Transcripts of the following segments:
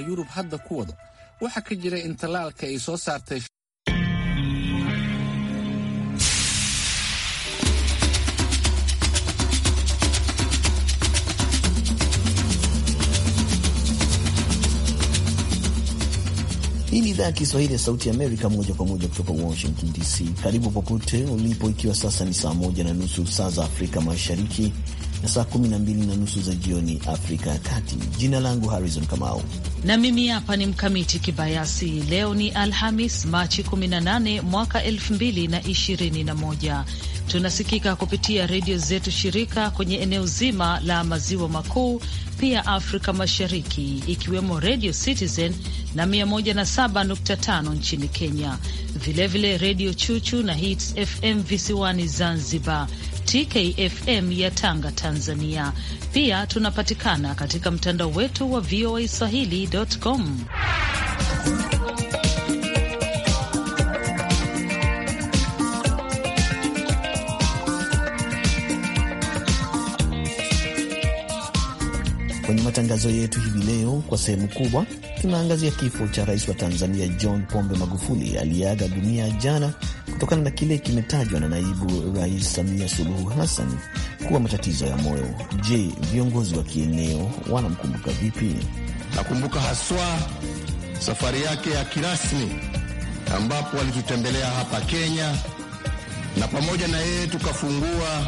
Yurub hadda ku wado waxa ka jira in talaalka ay soo saartay Hii ni idhaa ya Kiswahili ya Sauti Amerika, moja kwa moja kutoka Washington DC. Karibu popote ulipo, ikiwa sasa ni saa moja na nusu saa za Afrika Mashariki na saa 12 na nusu za jioni Afrika ya Kati. Jina langu Harrison Kamau na mimi hapa ni Mkamiti Kibayasi. Leo ni Alhamis, Machi 18 mwaka 2021. Tunasikika kupitia redio zetu shirika kwenye eneo zima la maziwa makuu, pia Afrika Mashariki, ikiwemo redio Citizen na 107.5 nchini Kenya, vilevile Redio Chuchu na Hits FM visiwani Zanzibar TKFM ya Tanga, Tanzania. Pia tunapatikana katika mtandao wetu wa VOA Swahili.com. Kwenye matangazo yetu hivi leo, kwa sehemu kubwa tunaangazia kifo cha rais wa Tanzania John Pombe Magufuli aliyeaga dunia jana kutokana na kile kimetajwa na naibu rais Samia Suluhu Hassan kuwa matatizo ya moyo. Je, viongozi wa kieneo wanamkumbuka vipi? Nakumbuka haswa safari yake ya kirasmi ambapo walitutembelea hapa Kenya na pamoja na yeye tukafungua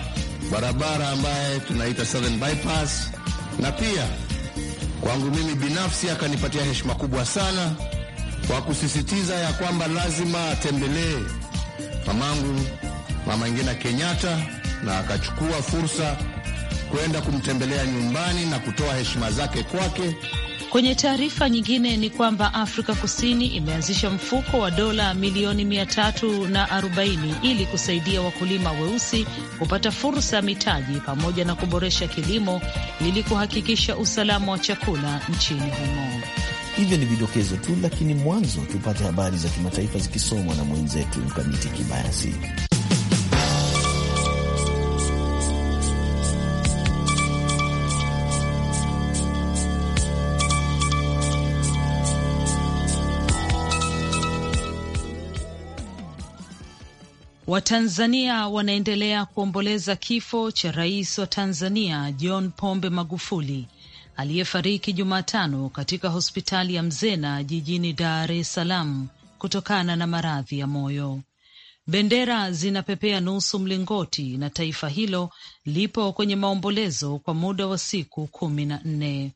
barabara ambaye tunaita Southern Bypass, na pia kwangu mimi binafsi akanipatia heshima kubwa sana kwa kusisitiza ya kwamba lazima atembelee mamangu Mama Ngina Kenyatta, na akachukua fursa kwenda kumtembelea nyumbani na kutoa heshima zake kwake. Kwenye taarifa nyingine ni kwamba Afrika Kusini imeanzisha mfuko wa dola milioni 340 ili kusaidia wakulima weusi kupata fursa ya mitaji pamoja na kuboresha kilimo ili kuhakikisha usalama wa chakula nchini humo. Hivyo ni vidokezo tu, lakini mwanzo tupate habari za kimataifa zikisomwa na mwenzetu Mkamiti Kibayasi. Watanzania wanaendelea kuomboleza kifo cha rais wa Tanzania John Pombe Magufuli aliyefariki Jumatano katika hospitali ya Mzena jijini Dar es Salaam kutokana na maradhi ya moyo. Bendera zinapepea nusu mlingoti na taifa hilo lipo kwenye maombolezo kwa muda wa siku kumi na nne.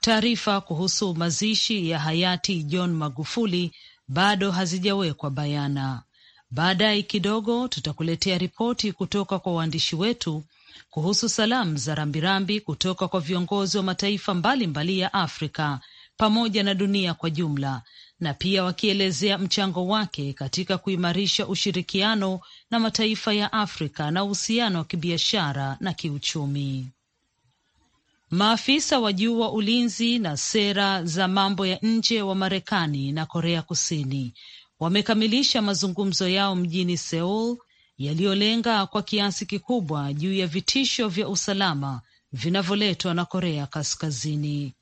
Taarifa kuhusu mazishi ya hayati John Magufuli bado hazijawekwa bayana. Baadaye kidogo tutakuletea ripoti kutoka kwa waandishi wetu kuhusu salamu za rambirambi kutoka kwa viongozi wa mataifa mbalimbali mbali ya Afrika pamoja na dunia kwa jumla na pia wakielezea mchango wake katika kuimarisha ushirikiano na mataifa ya Afrika na uhusiano wa kibiashara na kiuchumi. Maafisa wa juu wa ulinzi na sera za mambo ya nje wa Marekani na Korea Kusini wamekamilisha mazungumzo yao mjini Seoul yaliyolenga kwa kiasi kikubwa juu ya vitisho vya usalama vinavyoletwa na Korea Kaskazini.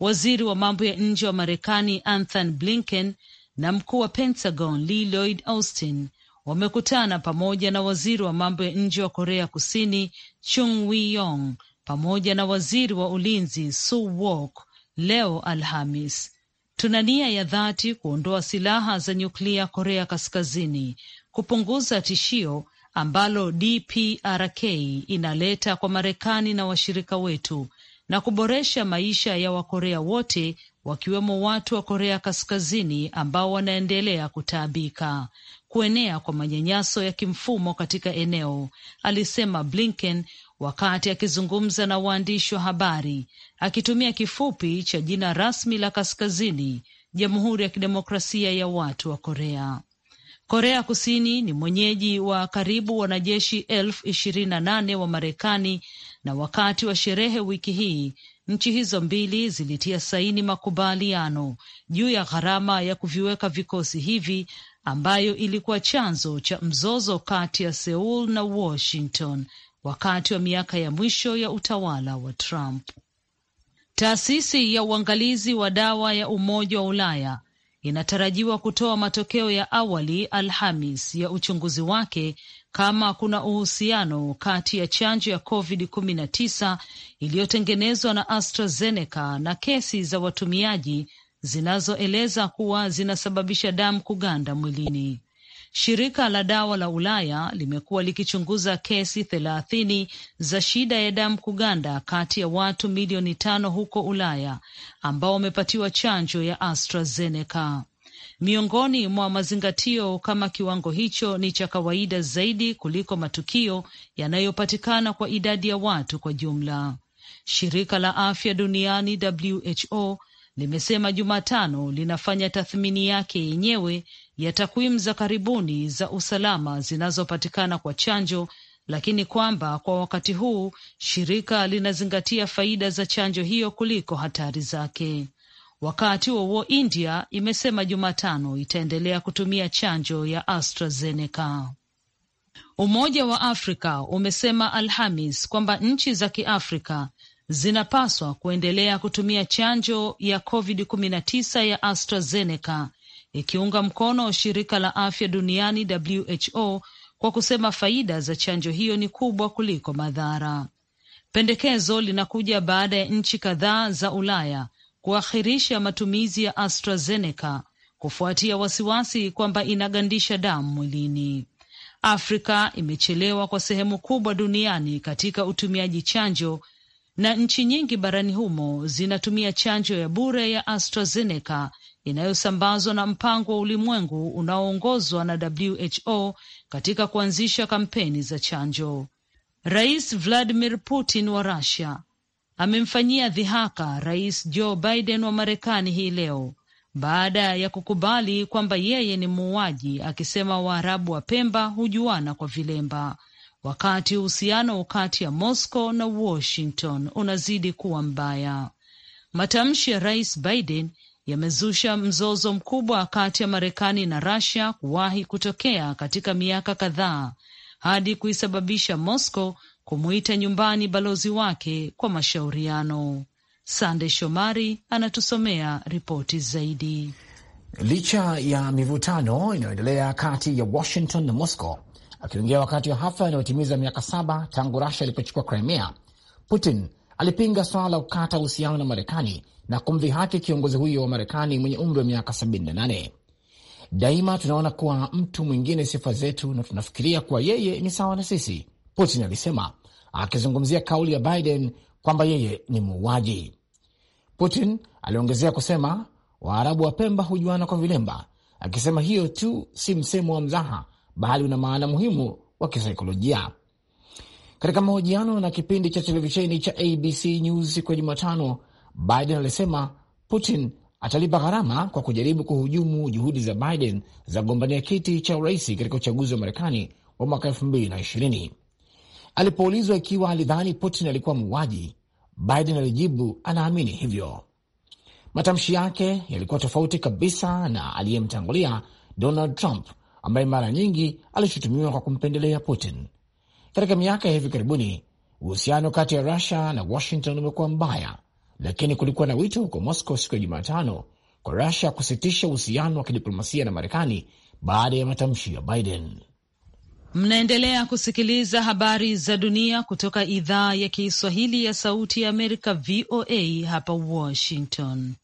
Waziri wa mambo ya nje wa Marekani Anthony Blinken na mkuu wa Pentagon Lee Lloyd Austin wamekutana pamoja na waziri wa mambo ya nje wa Korea Kusini Chung Wi Yong pamoja na waziri wa ulinzi Su Wok leo Alhamis. Tuna nia ya dhati kuondoa silaha za nyuklia Korea Kaskazini, kupunguza tishio ambalo DPRK inaleta kwa Marekani na washirika wetu na kuboresha maisha ya Wakorea wote wakiwemo watu wa Korea Kaskazini ambao wanaendelea kutaabika kuenea kwa manyanyaso ya kimfumo katika eneo, alisema Blinken wakati akizungumza na waandishi wa habari akitumia kifupi cha jina rasmi la Kaskazini, Jamhuri ya Kidemokrasia ya Watu wa Korea. Korea Kusini ni mwenyeji wa karibu wanajeshi elfu ishirini na nane wa Marekani, na wakati wa sherehe wiki hii nchi hizo mbili zilitia saini makubaliano juu ya gharama ya kuviweka vikosi hivi ambayo ilikuwa chanzo cha mzozo kati ya seul na Washington wakati wa miaka ya mwisho ya utawala wa Trump. Taasisi ya uangalizi wa dawa ya Umoja wa Ulaya inatarajiwa kutoa matokeo ya awali Alhamis ya uchunguzi wake kama kuna uhusiano kati ya chanjo ya COVID-19 iliyotengenezwa na AstraZeneca na kesi za watumiaji zinazoeleza kuwa zinasababisha damu kuganda mwilini. Shirika la dawa la Ulaya limekuwa likichunguza kesi thelathini za shida ya damu kuganda kati ya watu milioni tano huko Ulaya ambao wamepatiwa chanjo ya AstraZeneca. Miongoni mwa mazingatio kama kiwango hicho ni cha kawaida zaidi kuliko matukio yanayopatikana kwa idadi ya watu kwa jumla. Shirika la afya duniani WHO limesema Jumatano linafanya tathmini yake yenyewe ya takwimu za karibuni za usalama zinazopatikana kwa chanjo, lakini kwamba kwa wakati huu shirika linazingatia faida za chanjo hiyo kuliko hatari zake. Wakati huo India imesema Jumatano itaendelea kutumia chanjo ya AstraZeneca. Umoja wa Afrika umesema Alhamis kwamba nchi za Kiafrika zinapaswa kuendelea kutumia chanjo ya COVID-19 ya AstraZeneca, ikiunga mkono shirika la afya duniani WHO kwa kusema faida za chanjo hiyo ni kubwa kuliko madhara. Pendekezo linakuja baada ya nchi kadhaa za Ulaya kuahirisha matumizi ya AstraZeneca kufuatia wasiwasi kwamba inagandisha damu mwilini. Afrika imechelewa kwa sehemu kubwa duniani katika utumiaji chanjo na nchi nyingi barani humo zinatumia chanjo ya bure ya AstraZeneca inayosambazwa na mpango wa ulimwengu unaoongozwa na WHO katika kuanzisha kampeni za chanjo. Rais Vladimir Putin wa Russia amemfanyia dhihaka Rais Joe Biden wa Marekani hii leo baada ya kukubali kwamba yeye ni muuaji, akisema Waarabu wa Pemba hujuana kwa vilemba wakati uhusiano kati ya Moscow na Washington unazidi kuwa mbaya. Matamshi ya Rais Biden yamezusha mzozo mkubwa kati ya Marekani na Russia kuwahi kutokea katika miaka kadhaa hadi kuisababisha Moscow kumuita nyumbani balozi wake kwa mashauriano. Sande Shomari anatusomea ripoti zaidi. Licha ya mivutano inayoendelea kati ya Washington na Moscow, Akiongea wakati wa hafla inayotimiza miaka saba tangu Rusia ilipochukua Crimea, Putin alipinga swala la kukata uhusiano na Marekani na kumdhihaki kiongozi huyo wa Marekani mwenye umri wa miaka 78. Daima tunaona kuwa mtu mwingine sifa zetu na tunafikiria kuwa yeye ni sawa na sisi, Putin alisema akizungumzia kauli ya Biden kwamba yeye ni muuaji. Putin aliongezea kusema Waarabu wa Pemba hujuana kwa vilemba, akisema hiyo tu si msemo wa mzaha bali una maana muhimu wa kisaikolojia. Katika mahojiano na kipindi cha televisheni cha ABC News siku ya Jumatano, Biden alisema Putin atalipa gharama kwa kujaribu kuhujumu juhudi za Biden za kugombania kiti cha urais katika uchaguzi wa Marekani wa mwaka 2020. Alipoulizwa ikiwa alidhani Putin alikuwa muuaji, Biden alijibu anaamini hivyo. Matamshi yake yalikuwa tofauti kabisa na aliyemtangulia Donald Trump ambaye mara nyingi alishutumiwa kwa kumpendelea Putin. Katika miaka ya hivi karibuni, uhusiano kati ya Rusia na Washington umekuwa mbaya, lakini kulikuwa na wito huko Moscow siku ya Jumatano kwa Rusia kusitisha uhusiano wa kidiplomasia na Marekani baada ya matamshi ya Biden. Mnaendelea kusikiliza habari za dunia kutoka idhaa ya Kiswahili ya Sauti ya Amerika, VOA hapa Washington.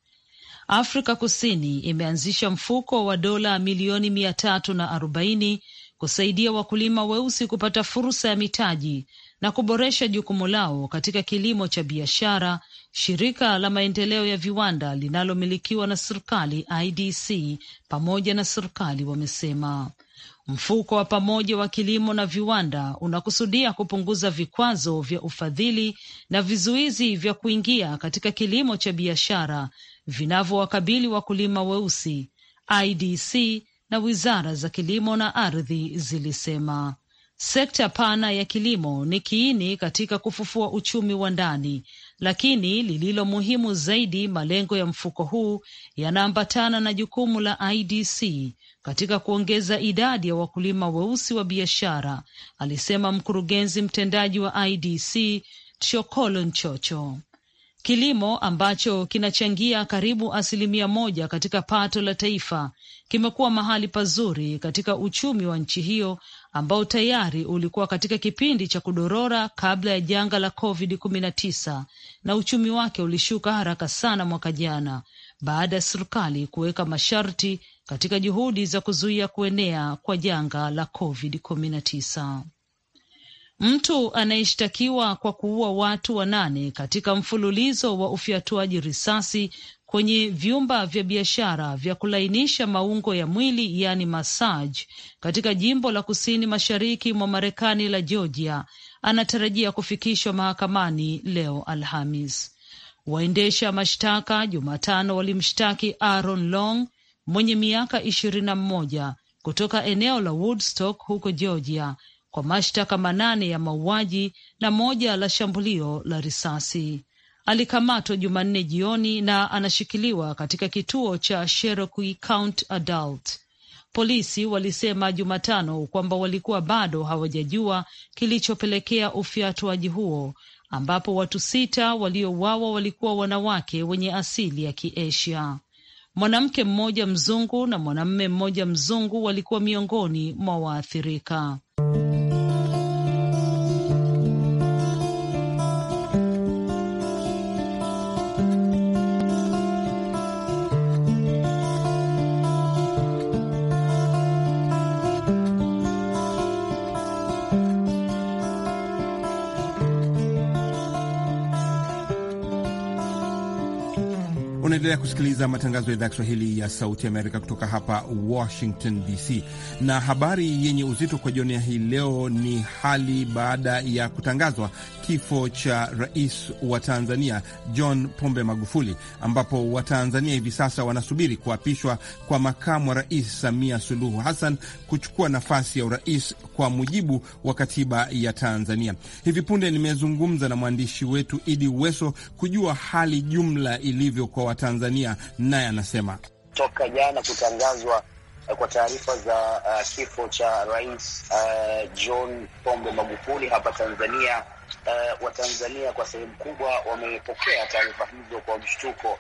Afrika Kusini imeanzisha mfuko wa dola milioni mia tatu na arobaini kusaidia wakulima weusi kupata fursa ya mitaji na kuboresha jukumu lao katika kilimo cha biashara. Shirika la maendeleo ya viwanda linalomilikiwa na serikali IDC pamoja na serikali wamesema mfuko wa pamoja wa kilimo na viwanda unakusudia kupunguza vikwazo vya ufadhili na vizuizi vya kuingia katika kilimo cha biashara vinavyowakabili wakulima weusi, IDC na wizara za kilimo na ardhi zilisema. Sekta pana ya kilimo ni kiini katika kufufua uchumi wa ndani, lakini lililo muhimu zaidi, malengo ya mfuko huu yanaambatana na jukumu la IDC katika kuongeza idadi ya wakulima weusi wa biashara, alisema mkurugenzi mtendaji wa IDC Chokolo Nchocho. Kilimo ambacho kinachangia karibu asilimia moja katika pato la taifa kimekuwa mahali pazuri katika uchumi wa nchi hiyo ambao tayari ulikuwa katika kipindi cha kudorora kabla ya janga la COVID-19 na uchumi wake ulishuka haraka sana mwaka jana baada ya serikali kuweka masharti katika juhudi za kuzuia kuenea kwa janga la COVID-19. Mtu anayeshtakiwa kwa kuua watu wanane katika mfululizo wa ufyatuaji risasi kwenye vyumba vya biashara vya kulainisha maungo ya mwili yaani massage katika jimbo la kusini mashariki mwa Marekani la Georgia anatarajia kufikishwa mahakamani leo Alhamis. Waendesha mashtaka Jumatano walimshtaki Aaron Long mwenye miaka ishirini na mmoja kutoka eneo la Woodstock huko Georgia kwa mashtaka manane ya mauaji na moja la shambulio la risasi. Alikamatwa Jumanne jioni na anashikiliwa katika kituo cha Cherokee County Adult. Polisi walisema Jumatano kwamba walikuwa bado hawajajua kilichopelekea ufyatuaji huo, ambapo watu sita waliouawa walikuwa wanawake wenye asili ya Kiasia. Mwanamke mmoja mzungu na mwanamume mmoja mzungu walikuwa miongoni mwa waathirika. kusikiliza matangazo ya idhaa Kiswahili ya Sauti Amerika kutoka hapa Washington DC. Na habari yenye uzito kwa jioni ya hii leo ni hali baada ya kutangazwa kifo cha rais wa Tanzania John Pombe Magufuli, ambapo Watanzania hivi sasa wanasubiri kuapishwa kwa makamu wa rais Samia Suluhu Hassan kuchukua nafasi ya urais kwa mujibu wa katiba ya Tanzania. Hivi punde nimezungumza na mwandishi wetu Idi Weso kujua hali jumla ilivyo kwa Watanzania Tanzania, naye anasema toka jana kutangazwa eh, kwa taarifa za uh, kifo cha rais uh, John Pombe Magufuli hapa Tanzania. Uh, Watanzania kwa sehemu kubwa wamepokea taarifa hizo kwa mshtuko,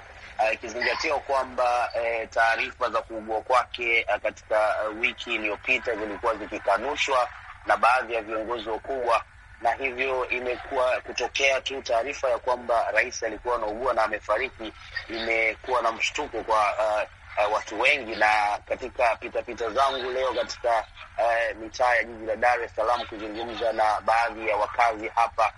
ikizingatiwa uh, kwamba uh, taarifa za kuugua kwake uh, katika uh, wiki iliyopita zilikuwa zikikanushwa na baadhi ya viongozi wakubwa na hivyo imekuwa kutokea tu taarifa ya kwamba rais alikuwa anaugua na amefariki, imekuwa na mshtuko kwa uh, Uh, watu wengi na katika pitapita zangu leo katika uh, mitaa ya jiji la Dar es Salaam kuzungumza na baadhi ya wakazi hapa,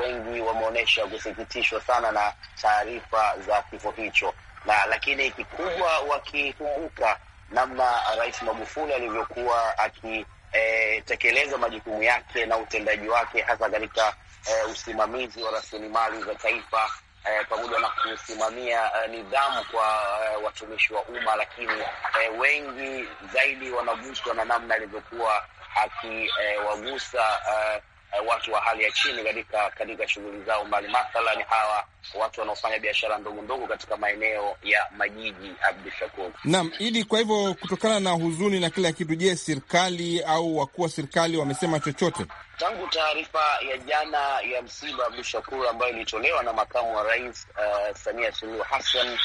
wengi wameonyesha kusikitishwa sana na taarifa za kifo hicho, na lakini kikubwa wakikumbuka namna Rais Magufuli alivyokuwa aki e, tekeleza majukumu yake na utendaji wake hasa katika e, usimamizi wa rasilimali za taifa e, pamoja na kusimamia e, nidhamu kwa e, watumishi wa umma, lakini e, wengi zaidi wanaguswa na namna alivyokuwa akiwagusa e, eh, watu wa hali ya chini katika katika shughuli zao mbali, mathalani hawa watu wanaofanya biashara ndogo ndogo katika maeneo ya majiji. Abdu Shakur nam Idi. Kwa hivyo kutokana na huzuni na kila kitu, je, serikali au wakuu wa serikali wamesema chochote tangu taarifa ya jana ya msiba Abdu Shakur ambayo ilitolewa na makamu wa rais uh, Samia Suluhu Hassan?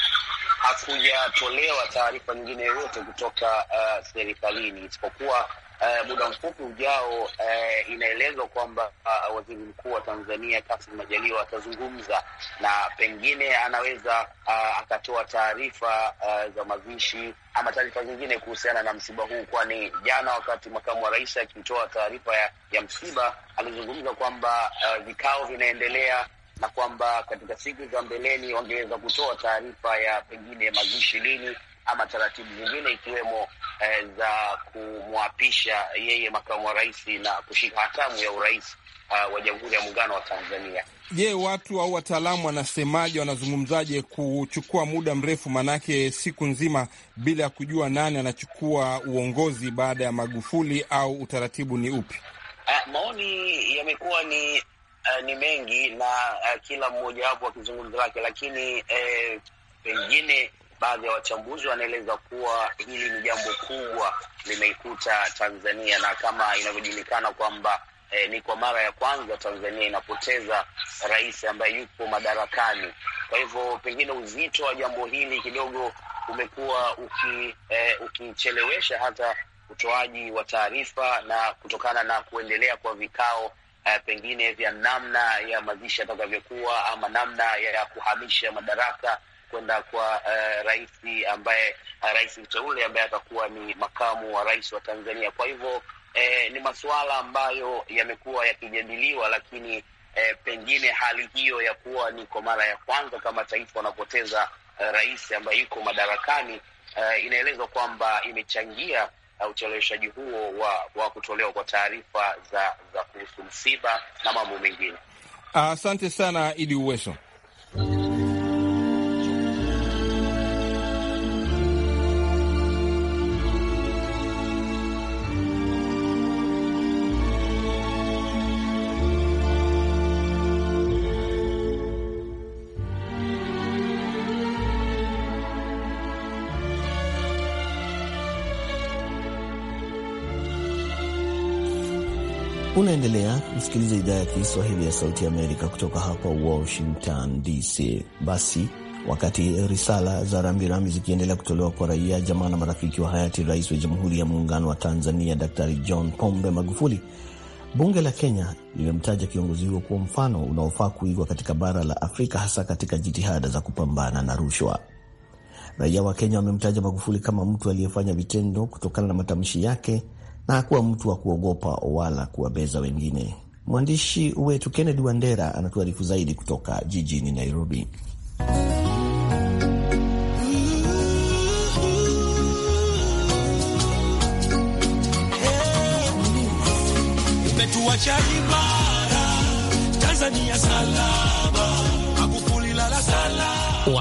Hakujatolewa taarifa nyingine yoyote kutoka uh, serikalini isipokuwa uh, muda mfupi ujao uh, inaelezwa kwamba uh, waziri mkuu wa Tanzania Kassim Majaliwa atazungumza na pengine anaweza uh, akatoa taarifa uh, za mazishi ama taarifa zingine kuhusiana na msiba huu, kwani jana wakati makamu wa rais akitoa taarifa ya, ya msiba alizungumza kwamba uh, vikao vinaendelea na kwamba katika siku za mbeleni wangeweza kutoa taarifa ya pengine mazishi lini ama taratibu zingine ikiwemo eh, za kumwapisha yeye makamu wa rais na kushika hatamu ya urais uh, wa Jamhuri ya Muungano wa Tanzania. Je, watu au wataalamu wanasemaje, wanazungumzaje kuchukua muda mrefu, maanake siku nzima bila ya kujua nani anachukua uongozi baada ya Magufuli au utaratibu ni upi? Uh, maoni yamekuwa ni uh, ni mengi na uh, kila mmoja wapo akizungumza lake, lakini uh, pengine baadhi ya wachambuzi wanaeleza kuwa hili ni jambo kubwa limeikuta Tanzania, na kama inavyojulikana kwamba eh, ni kwa mara ya kwanza Tanzania inapoteza rais ambaye yupo madarakani. Kwa hivyo pengine uzito wa jambo hili kidogo umekuwa uki, eh, ukichelewesha hata utoaji wa taarifa na kutokana na kuendelea kwa vikao eh, pengine vya namna ya mazishi atakavyokuwa ama namna ya kuhamisha madaraka kwenda kwa uh, rais ambaye eh, rais mteule ambaye atakuwa ni makamu wa rais wa Tanzania. Kwa hivyo eh, ni masuala ambayo yamekuwa yakijadiliwa, lakini eh, pengine hali hiyo ya kuwa ni kwa mara ya kwanza kama taifa wanapoteza uh, rais ambaye yuko madarakani uh, inaelezwa kwamba imechangia ucheleweshaji huo wa, wa kutolewa kwa taarifa za, za kuhusu msiba na mambo mengine. Asante uh, sana Idi Uweso. Unaendelea kusikiliza idhaa ya Kiswahili ya Sauti ya Amerika kutoka hapa Washington DC. Basi wakati risala za rambirambi zikiendelea kutolewa kwa raia, jamaa na marafiki wa hayati rais wa Jamhuri ya Muungano wa Tanzania Daktari John Pombe Magufuli, bunge la Kenya limemtaja kiongozi huo kuwa mfano unaofaa kuigwa katika bara la Afrika, hasa katika jitihada za kupambana na rushwa. Raia wa Kenya wamemtaja Magufuli kama mtu aliyefanya vitendo kutokana na matamshi yake na hakuwa mtu wa kuogopa wala kuwabeza wengine. Mwandishi wetu Kennedy Wandera anatuarifu zaidi kutoka jijini Nairobi. Hey,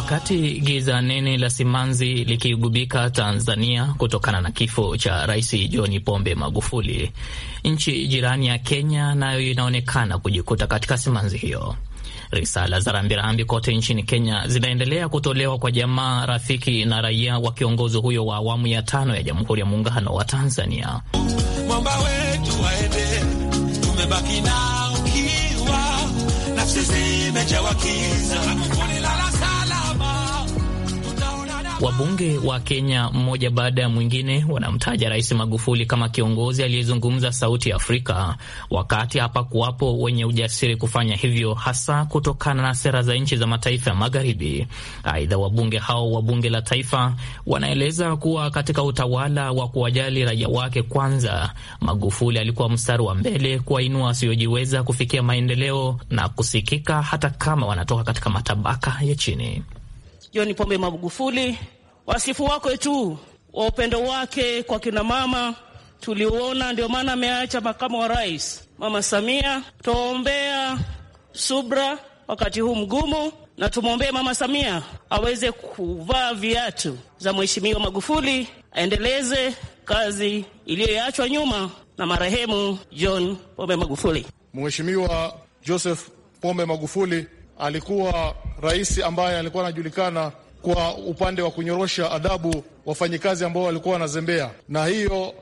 Wakati giza nene la simanzi likigubika Tanzania kutokana na kifo cha Rais John Pombe Magufuli, nchi jirani ya Kenya nayo inaonekana kujikuta katika simanzi hiyo. Risala za rambirambi kote nchini Kenya zinaendelea kutolewa kwa jamaa, rafiki na raia wa kiongozi huyo wa awamu ya tano ya Jamhuri ya Muungano wa Tanzania. Mwamba wetu waende, tumebaki na ukiwa, nafsi zimejawa kiza Wabunge wa Kenya mmoja baada ya mwingine wanamtaja Rais Magufuli kama kiongozi aliyezungumza sauti ya Afrika, wakati hapakuwapo wenye ujasiri kufanya hivyo, hasa kutokana na sera za nchi za mataifa ya Magharibi. Aidha, wabunge hao wa bunge la taifa wanaeleza kuwa katika utawala wa kuwajali raia wake kwanza, Magufuli alikuwa mstari wa mbele kuwainua wasiojiweza kufikia maendeleo na kusikika, hata kama wanatoka katika matabaka ya chini. John Pombe Magufuli. Wasifu wake tu wa upendo wake kwa kinamama tuliuona, ndio maana ameacha makamu wa rais Mama Samia. Twaombea subra wakati huu mgumu, na tumwombee Mama Samia aweze kuvaa viatu za Mheshimiwa Magufuli, aendeleze kazi iliyoachwa nyuma na marehemu John Pombe Magufuli. Mheshimiwa Joseph Pombe Magufuli alikuwa rais ambaye alikuwa anajulikana kwa upande wa kunyorosha adabu wafanyikazi ambao walikuwa wanazembea, na hiyo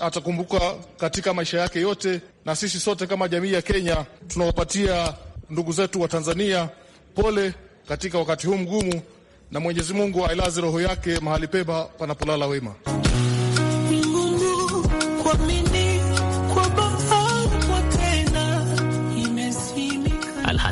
atakumbuka katika maisha yake yote. Na sisi sote kama jamii ya Kenya tunawapatia ndugu zetu wa Tanzania pole katika wakati huu mgumu, na Mwenyezi Mungu ailaze roho yake mahali pema panapolala wema.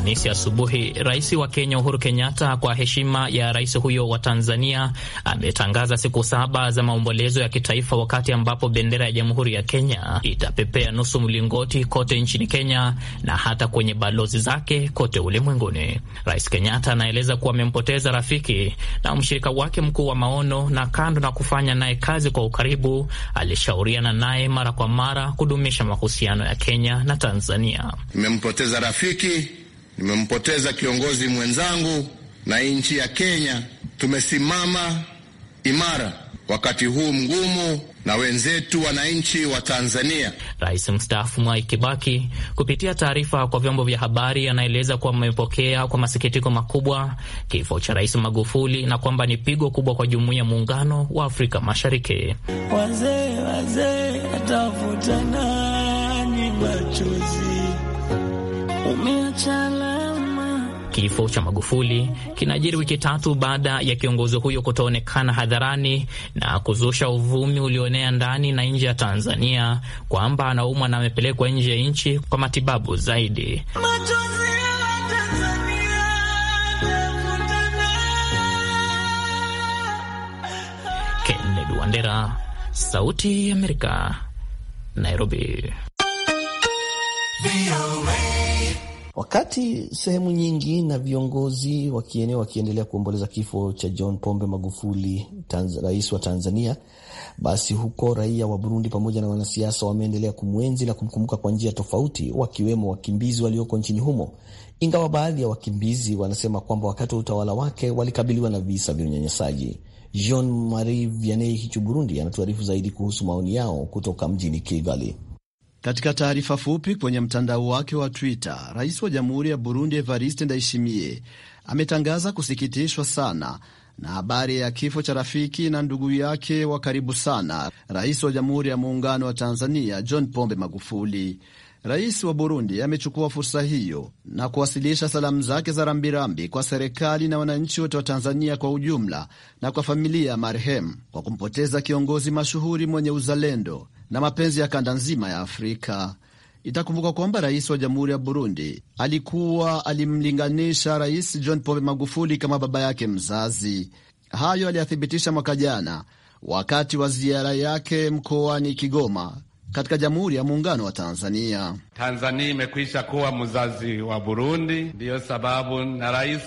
Alhamisi asubuhi, rais wa Kenya Uhuru Kenyatta, kwa heshima ya rais huyo wa Tanzania, ametangaza siku saba za maombolezo ya kitaifa, wakati ambapo bendera ya Jamhuri ya Kenya itapepea nusu mlingoti kote nchini Kenya na hata kwenye balozi zake kote ulimwenguni. Rais Kenyatta anaeleza kuwa amempoteza rafiki na mshirika wake mkuu wa maono, na kando na kufanya naye kazi kwa ukaribu, alishauriana naye mara kwa mara kudumisha mahusiano ya Kenya na Tanzania. Nimempoteza rafiki Nimempoteza kiongozi mwenzangu, na nchi ya Kenya tumesimama imara wakati huu mgumu na wenzetu wananchi wa Tanzania. Rais mstaafu Mwai Kibaki kupitia taarifa kwa vyombo vya habari anaeleza kuwa amepokea kwa masikitiko makubwa kifo cha Rais Magufuli na kwamba ni pigo kubwa kwa jumuiya muungano wa Afrika Mashariki. Wazee wazee machozi Kifo cha Magufuli kinajiri wiki tatu baada ya kiongozi huyo kutoonekana hadharani na kuzusha uvumi ulioenea ndani na nje ya Tanzania kwamba anaumwa na amepelekwa nje ya nchi kwa matibabu zaidi. Kennedy Wandera, Sauti ya Amerika, Nairobi wakati sehemu nyingi na viongozi wa kieneo wakiendelea kuomboleza kifo cha John Pombe Magufuli, rais wa Tanzania, basi huko raia wa Burundi pamoja na wanasiasa wameendelea kumwenzi na kumkumbuka kwa njia tofauti, wakiwemo wakimbizi walioko nchini humo, ingawa baadhi ya wakimbizi wanasema kwamba wakati wa utawala wake walikabiliwa na visa vya unyanyasaji. Jean Marie Vianney Hichu, Burundi, anatuarifu zaidi kuhusu maoni yao kutoka mjini Kigali. Katika taarifa fupi kwenye mtandao wake wa Twitter, rais wa jamhuri ya Burundi Evariste Ndayishimiye ametangaza kusikitishwa sana na habari ya kifo cha rafiki na ndugu yake wa karibu sana, rais wa jamhuri ya muungano wa Tanzania John Pombe Magufuli. Rais wa Burundi amechukua fursa hiyo na kuwasilisha salamu zake za rambirambi kwa serikali na wananchi wote wa Tanzania kwa ujumla na kwa familia ya marehemu kwa kumpoteza kiongozi mashuhuri mwenye uzalendo na mapenzi ya kanda nzima ya Afrika. Itakumbuka kwamba rais wa jamhuri ya Burundi alikuwa alimlinganisha Rais John Pombe Magufuli kama baba yake mzazi. Hayo aliyathibitisha mwaka jana wakati wa ziara yake mkoani Kigoma katika Jamhuri ya Muungano wa Tanzania. Tanzania imekwisha kuwa mzazi wa Burundi, ndiyo sababu na Rais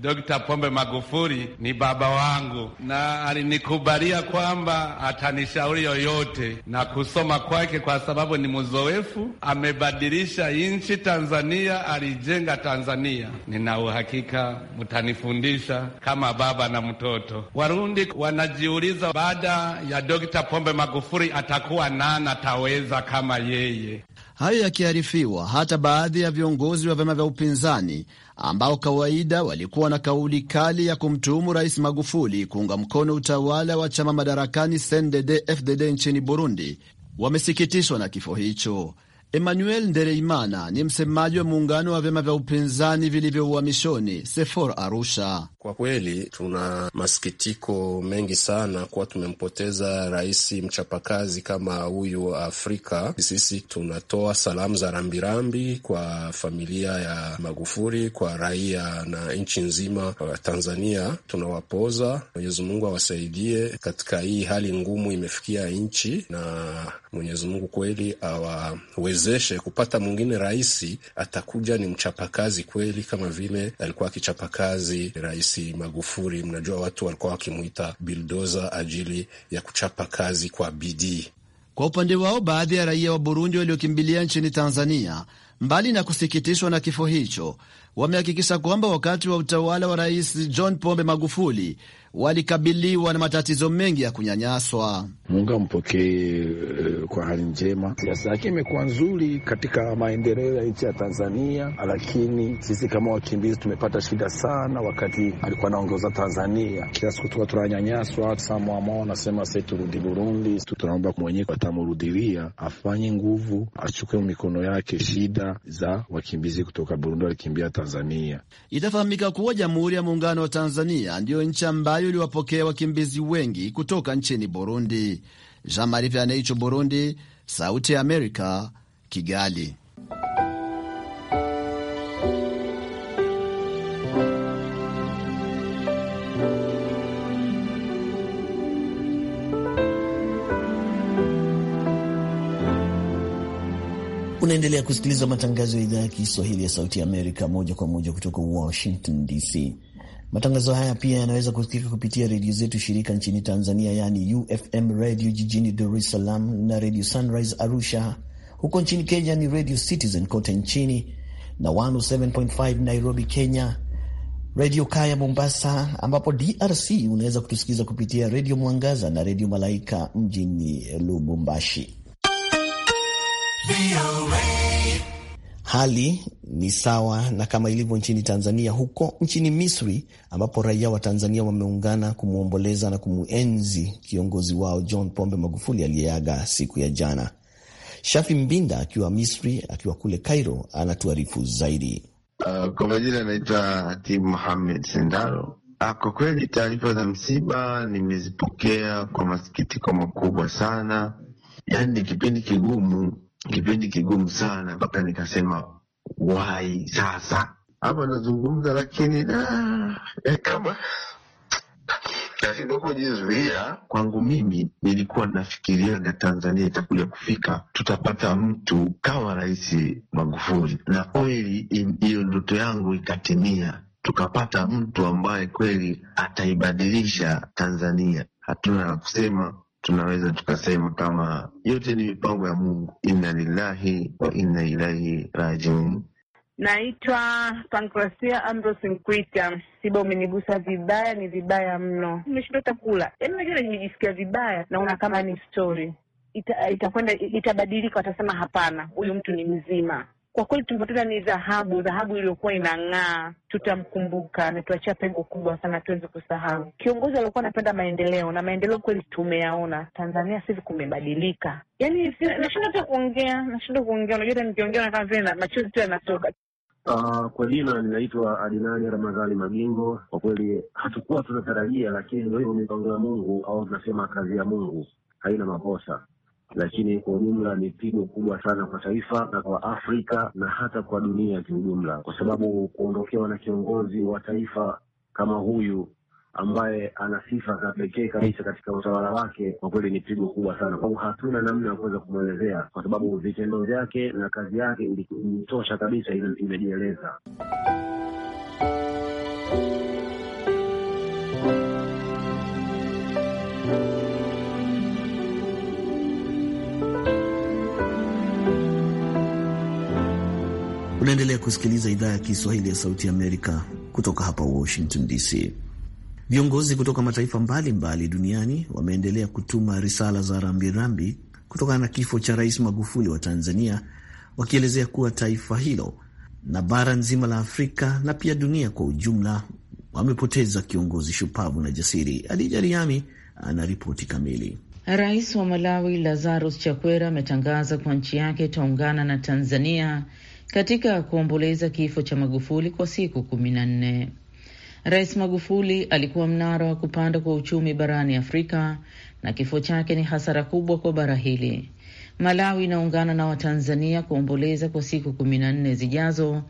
Dr. Pombe Magufuli ni baba wangu, na alinikubalia kwamba atanishauri yoyote na kusoma kwake, kwa sababu ni mzoefu, amebadilisha nchi Tanzania, alijenga Tanzania. Nina uhakika mtanifundisha kama baba na mtoto. Warundi wanajiuliza baada ya Dr. Pombe Magufuli atakuwa nani atawe anaweza kama yeye. Hayo yakiharifiwa, hata baadhi ya viongozi wa vyama vya upinzani ambao kawaida walikuwa na kauli kali ya kumtuhumu Rais Magufuli kuunga mkono utawala wa chama madarakani CNDD-FDD nchini Burundi wamesikitishwa na kifo hicho. Emmanuel Ndereimana ni msemaji wa muungano wa vyama vya upinzani vilivyo uhamishoni Sefor Arusha. Kwa kweli tuna masikitiko mengi sana kuwa tumempoteza rais mchapakazi kama huyu wa Afrika. Sisi tunatoa salamu za rambirambi kwa familia ya Magufuli, kwa raia na nchi nzima ya Tanzania. Tunawapoza, Mwenyezi Mungu awasaidie katika hii hali ngumu imefikia nchi, na Mwenyezi Mungu kweli awawezeshe kupata mwingine rais atakuja ni mchapakazi kweli, kama vile alikuwa akichapakazi rais Rais Magufuli. Mnajua watu walikuwa wakimuita bildoza ajili ya kuchapa kazi kwa bidii. Kwa upande wao, baadhi ya raia wa Burundi waliokimbilia nchini Tanzania, mbali na kusikitishwa na kifo hicho, wamehakikisha kwamba wakati wa utawala wa Rais John Pombe Magufuli walikabiliwa na matatizo mengi ya kunyanyaswa. Mungu ampokee eh, kwa hali njema. Siasa yake imekuwa nzuri katika maendeleo ya nchi ya Tanzania, lakini sisi kama wakimbizi tumepata shida sana. Wakati alikuwa anaongoza Tanzania, kila siku tuka tunanyanyaswa. Samwama wanasema sai turudi Burundi, tunaomba mwenyewe atamurudilia, afanye nguvu, achukue mikono yake shida za wakimbizi kutoka Burundi walikimbia Tanzania. Itafahamika kuwa Jamhuri ya Muungano wa Tanzania ndiyo nchi ambayo ambayo iliwapokea wakimbizi wengi kutoka nchini Burundi. Jean Marie Vianney, Burundi, Sauti ya Amerika, Kigali. Unaendelea kusikiliza matangazo ya idhaa ya Kiswahili ya Sauti ya Amerika moja kwa moja kutoka Washington DC. Matangazo haya pia yanaweza kusikika kupitia redio zetu shirika nchini Tanzania, yani UFM redio jijini Dar es Salaam na redio Sunrise Arusha. Huko nchini Kenya ni redio Citizen kote nchini na 107.5 Nairobi, Kenya, redio Kaya Mombasa, ambapo DRC unaweza kutusikiza kupitia redio Mwangaza na redio Malaika mjini Lubumbashi. Hali ni sawa na kama ilivyo nchini Tanzania. Huko nchini Misri, ambapo raia wa Tanzania wameungana kumwomboleza na kumuenzi kiongozi wao John Pombe Magufuli aliyeaga siku ya jana. Shafi Mbinda akiwa Misri, akiwa kule Cairo, anatuarifu zaidi. Uh, kwa majina anaitwa Hatibu Muhamed Sendaro. Ah, kwa kweli taarifa za msiba nimezipokea kwa masikitiko makubwa sana, yaani ni kipindi kigumu kipindi kigumu sana, mpaka nikasema wai sasa hapa nazungumza, lakini ah, eh, kama kidogo jizuia kwangu. Mimi nilikuwa nafikiriaga Tanzania itakuja kufika, tutapata mtu kama Rais Magufuli, na kweli hiyo ndoto yangu ikatimia, tukapata mtu ambaye kweli ataibadilisha Tanzania. Hatuna la kusema, tunaweza tukasema kama yote ni mipango ya Mungu, inna lillahi wa inna ilaihi rajiun. Naitwa Pankrasia Ambros Nkwita. Siba, umenigusa vibaya, ni vibaya mno, nimeshindwa hata kula. Yaani najua nimejisikia vibaya, naona kama ni stori itakwenda itabadilika, watasema hapana, huyu mtu ni mzima. Kwa kweli tulipoteza ni dhahabu, dhahabu iliyokuwa inang'aa. Tutamkumbuka, ametuachia pengo kubwa sana, tuweze kusahau kiongozi aliokuwa anapenda maendeleo, na maendeleo kweli tumeyaona Tanzania. Sasa kumebadilika, yani nashinda hata kuongea, nashinda kuongea. Unajua, nikiongea nakaa vile machozi tu yanatoka. Uh, kwa jina ninaitwa Adinani Ramadhani Magingo. Kwa kweli hatukuwa tunatarajia, lakini ndio hivyo, mipango ya Mungu au tunasema kazi ya Mungu haina makosa lakini kwa ujumla ni pigo kubwa sana kwa taifa na kwa Afrika na hata kwa dunia kiujumla, kwa sababu kuondokewa na kiongozi wa taifa kama huyu ambaye ana sifa za pekee kabisa katika utawala wake, kwa kweli ni pigo kubwa sana kwangu. Hatuna namna ya kuweza kumwelezea, kwa sababu vitendo vyake na kazi yake ilitosha kabisa, imejieleza. Unaendelea kusikiliza idhaa ya Kiswahili ya Sauti Amerika kutoka hapa Washington DC. Viongozi kutoka mataifa mbalimbali mbali duniani wameendelea kutuma risala za rambirambi kutokana na kifo cha Rais Magufuli wa Tanzania, wakielezea kuwa taifa hilo na bara nzima la Afrika na pia dunia kwa ujumla wamepoteza kiongozi shupavu na jasiri. Adija Riami ana ripoti kamili. Rais wa Malawi Lazarus Chakwera ametangaza kwa nchi yake itaungana na Tanzania katika kuomboleza kifo cha Magufuli kwa siku kumi na nne. Rais Magufuli alikuwa mnara wa kupanda kwa uchumi barani Afrika na kifo chake ni hasara kubwa kwa bara hili. Malawi inaungana na Watanzania kuomboleza kwa siku kumi na nne zijazo.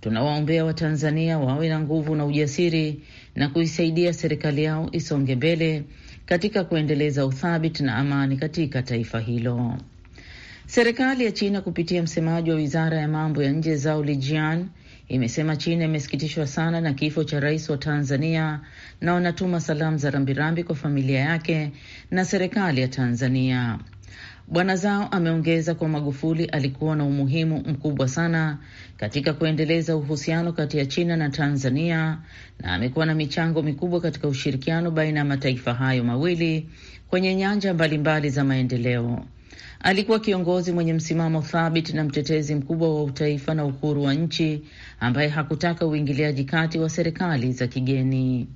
Tunawaombea Watanzania wawe na nguvu na ujasiri na kuisaidia serikali yao isonge mbele katika kuendeleza uthabiti na amani katika taifa hilo. Serikali ya China kupitia msemaji wa wizara ya mambo ya nje Zhao Lijian imesema China imesikitishwa sana na kifo cha rais wa Tanzania na wanatuma salamu za rambirambi kwa familia yake na serikali ya Tanzania. Bwana Zao ameongeza kuwa Magufuli alikuwa na umuhimu mkubwa sana katika kuendeleza uhusiano kati ya China na Tanzania na amekuwa na michango mikubwa katika ushirikiano baina ya mataifa hayo mawili kwenye nyanja mbalimbali za maendeleo. Alikuwa kiongozi mwenye msimamo thabiti na mtetezi mkubwa wa utaifa na uhuru wa nchi ambaye hakutaka uingiliaji kati wa serikali za kigeni.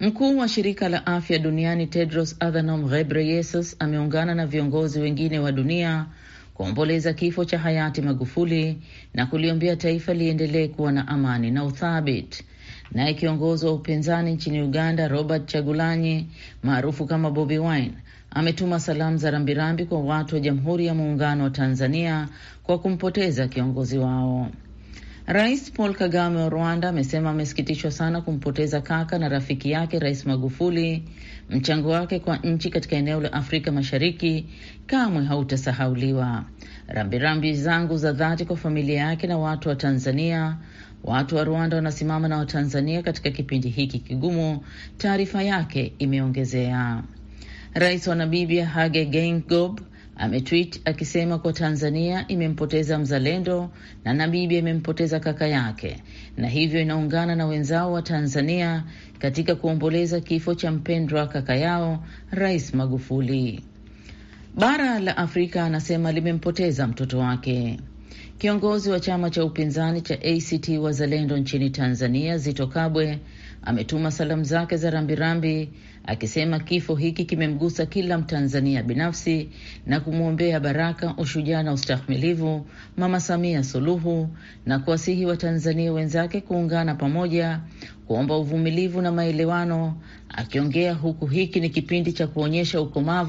Mkuu wa shirika la afya duniani Tedros Adhanom Ghebreyesus ameungana na viongozi wengine wa dunia kuomboleza kifo cha hayati Magufuli na kuliombea taifa liendelee kuwa na amani na uthabiti. Naye kiongozi wa upinzani nchini Uganda Robert Chagulanyi maarufu kama Bobi Wine ametuma salamu za rambirambi kwa watu wa Jamhuri ya Muungano wa Tanzania kwa kumpoteza kiongozi wao. Rais Paul Kagame wa Rwanda amesema amesikitishwa sana kumpoteza kaka na rafiki yake Rais Magufuli. Mchango wake kwa nchi katika eneo la Afrika Mashariki kamwe hautasahauliwa. Rambirambi zangu za dhati kwa familia yake na watu wa Tanzania. Watu wa Rwanda wanasimama na Watanzania katika kipindi hiki kigumu, taarifa yake imeongezea. Rais wa Namibia Hage Geingob ametwit akisema kuwa Tanzania imempoteza mzalendo na Namibia imempoteza kaka yake, na hivyo inaungana na wenzao wa Tanzania katika kuomboleza kifo cha mpendwa kaka yao Rais Magufuli. Bara la Afrika anasema limempoteza mtoto wake. Kiongozi wa chama cha upinzani cha ACT Wazalendo nchini Tanzania Zito Kabwe ametuma salamu zake za rambirambi akisema kifo hiki kimemgusa kila Mtanzania binafsi na kumwombea baraka, ushujaa na ustahimilivu Mama Samia Suluhu, na kuwasihi Watanzania wenzake kuungana pamoja, kuomba uvumilivu na maelewano, akiongea huku hiki ni kipindi cha kuonyesha ukomavu